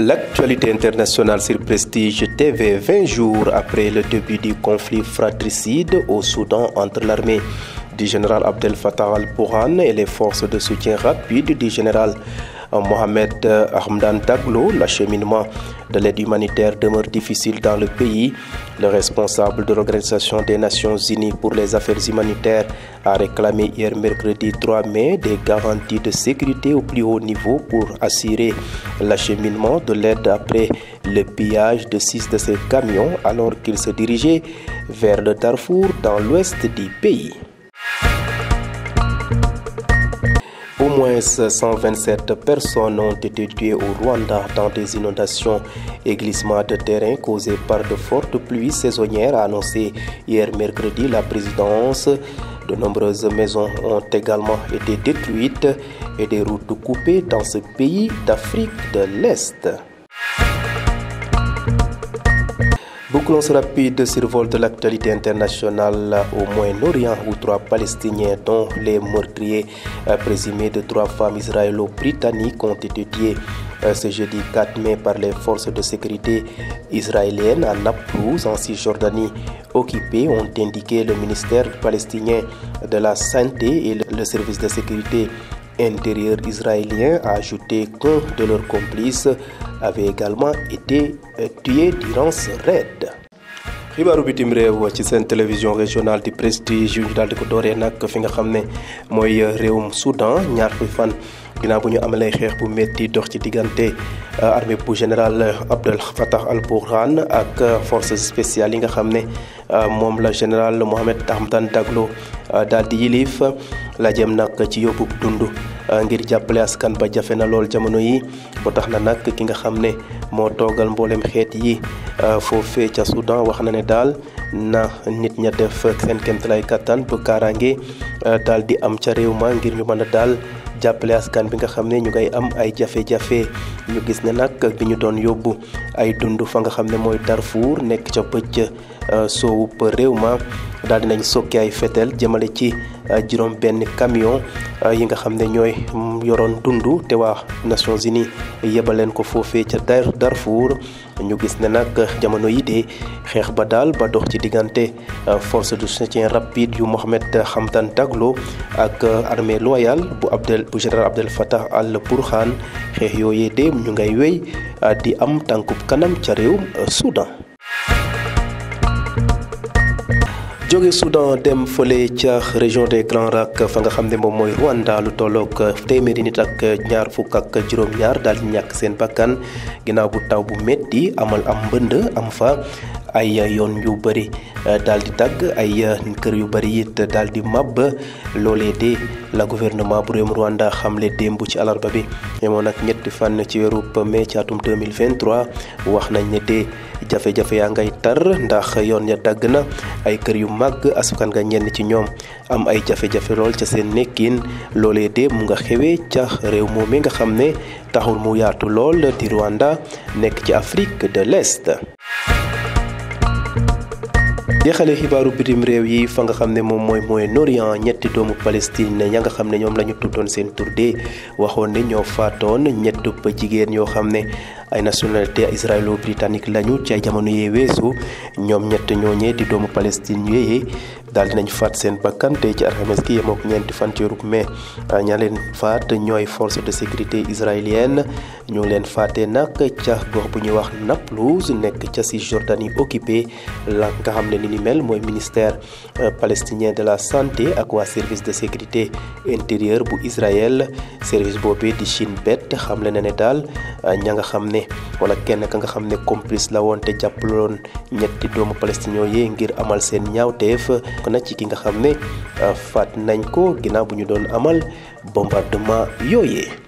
L'actualité internationale sur Prestige TV, 20 jours après le début du conflit fratricide au Soudan entre l'armée du général Abdel Fattah al-Burhan et les forces de soutien rapide du général Mohamed euh, Armdan Daglo, l'acheminement de l'aide humanitaire demeure difficile dans le pays. Le responsable de l'Organisation des Nations Unies pour les affaires humanitaires a réclamé hier mercredi 3 mai des garanties de sécurité au plus haut niveau pour assurer l'acheminement de l'aide après le pillage de six de ses camions alors qu'il se dirigeait vers le Darfour dans l'ouest du pays. Au moins 127 personnes ont été tuées au Rwanda dans des inondations et glissements de terrain causés par de fortes pluies saisonnières, a annoncé hier mercredi la présidence. De nombreuses maisons ont également été détruites et des routes coupées dans ce pays d'Afrique de l'Est. Bouclons ce rapide survol de l'actualité internationale au Moyen-Orient où trois Palestiniens, dont les meurtriers euh, présumés de trois femmes israélo-britanniques, ont été tués euh, ce jeudi 4 mai par les forces de sécurité israéliennes à Naplouse, en Cisjordanie occupée, ont indiqué le ministère palestinien de la Santé et le service de sécurité intérieure israélien a ajouté qu'un de leurs complices avait également été tué durant ce raid. xibaaru bitim réew ci seen télévision régionale di prestige yu ñu daal di ko dooree nag fi nga xam ne mooy réewum Soudan ñaar fukki fan ginnaaw bu ñu amalee xeex bu métti dox ci diggante euh, armée bu général Abdel Fattah al-Burhan ak euh, forces spéciales yi nga xam ne euh, moom la général Mohamed Hamdan Daglo daal di yilif la jëm nag ci yóbbu dund. Euh, ngir jàppale askan ba jafe na lool jamono yii boo tax na nag ki nga xam ne moo toogal mboolem xeet yi euh, foofee ca Soudan wax na ne daal na nit ña def seen kéemtalaay kattan bu kaaraange euh, daal di am ca réew ma ngir ñu mën a daal. jàppale askan bi nga xam ne ñu ngay am ay jafe-jafe ñu gis ne nag bi ñu doon yóbbu ay dund fa nga xam ne mooy Darfour nekk ca pëcc euh, soowub réew ma di dinañ sokki ay fetel jëmale ci euh, juróom benn camion euh, yi nga xam ne ñooy mm, yoroon dund te waa Nations Unies yebaleen ko foofee ca Darfour ñu gis ne nag jamono yi de xeex ba daal ba dox ci diggante force du soutien rapide yu Mohamed Hamdan Daglo ak armée loyale bu Abdel bu général Abdel Fattah al-Burhan xeex yooyee de ñu wéy ah, di am tànkub kanam ca réewum ah, Soudan jóge Soudan dem fële ca région de Grands Lacs fa nga xam ne moom mooy Rwanda lu tollook ah, téeméeri nit ak ñaar fukk di ñàkk seen bakkan ginnaaw bu taw bu metti amal am mbënd am fa ay yoon yu bëri euh, daal di dagg ay euh, kër yu bëri it daal di màbb loolee de la gouvernement bu réewum Rwanda xamle démb ci alarba bi yemoon ak ñetti fànn ci weeru mai ci atum 2023 wax nañ ne de jafe-jafe yaa ngay tar ndax yoon ya dagg na ay kër yu mag askan nga ñenn ci ñoom am ay jafe-jafe lool ca seen nekkin loolee de mu nga xewee ca réew moom mi nga xam ne taxul mu yaatu lool di Rwanda nekk ci Afrique de l'Est jeexale xibaaru bitim réew yi fa nga xam ne moom mooy Moyen-Orient ñetti doomu Palestine ya nga xam ne ñoom la ñu tuddoon seen turdee waxoon ne ñoo faatoon ñettub jigéen yoo xam ne ay nationalité israélo-britannique lañu ci jamono yee weesu ñoom ñett ñooñee di doomu Palestine yooyee dal dinañ fat sen bakkan tey ci alxames gi yemook ñeenti fan ci ruk mai ah, ña fat faat force de sécurité israélienne ñu ngi leen faatee nag ca gox bu ñuy wax naplouse si jordanie occupé la nga xam ne ni mel mooy ministère euh, palestinien de la santé ak waa service de sécurité intérieure bu israël service boobee di shin bet xamle na ne daal euh, ña nga xam ne wala kenn ka nga xam ne complice la woon te jàppaloon ñetti doomu palestinien yi ngir amal seen ñaawteef bokk na ci ki nga xam ne euh, faat nañ ko ginnaaw bu ñu doon amal bombardement yooyee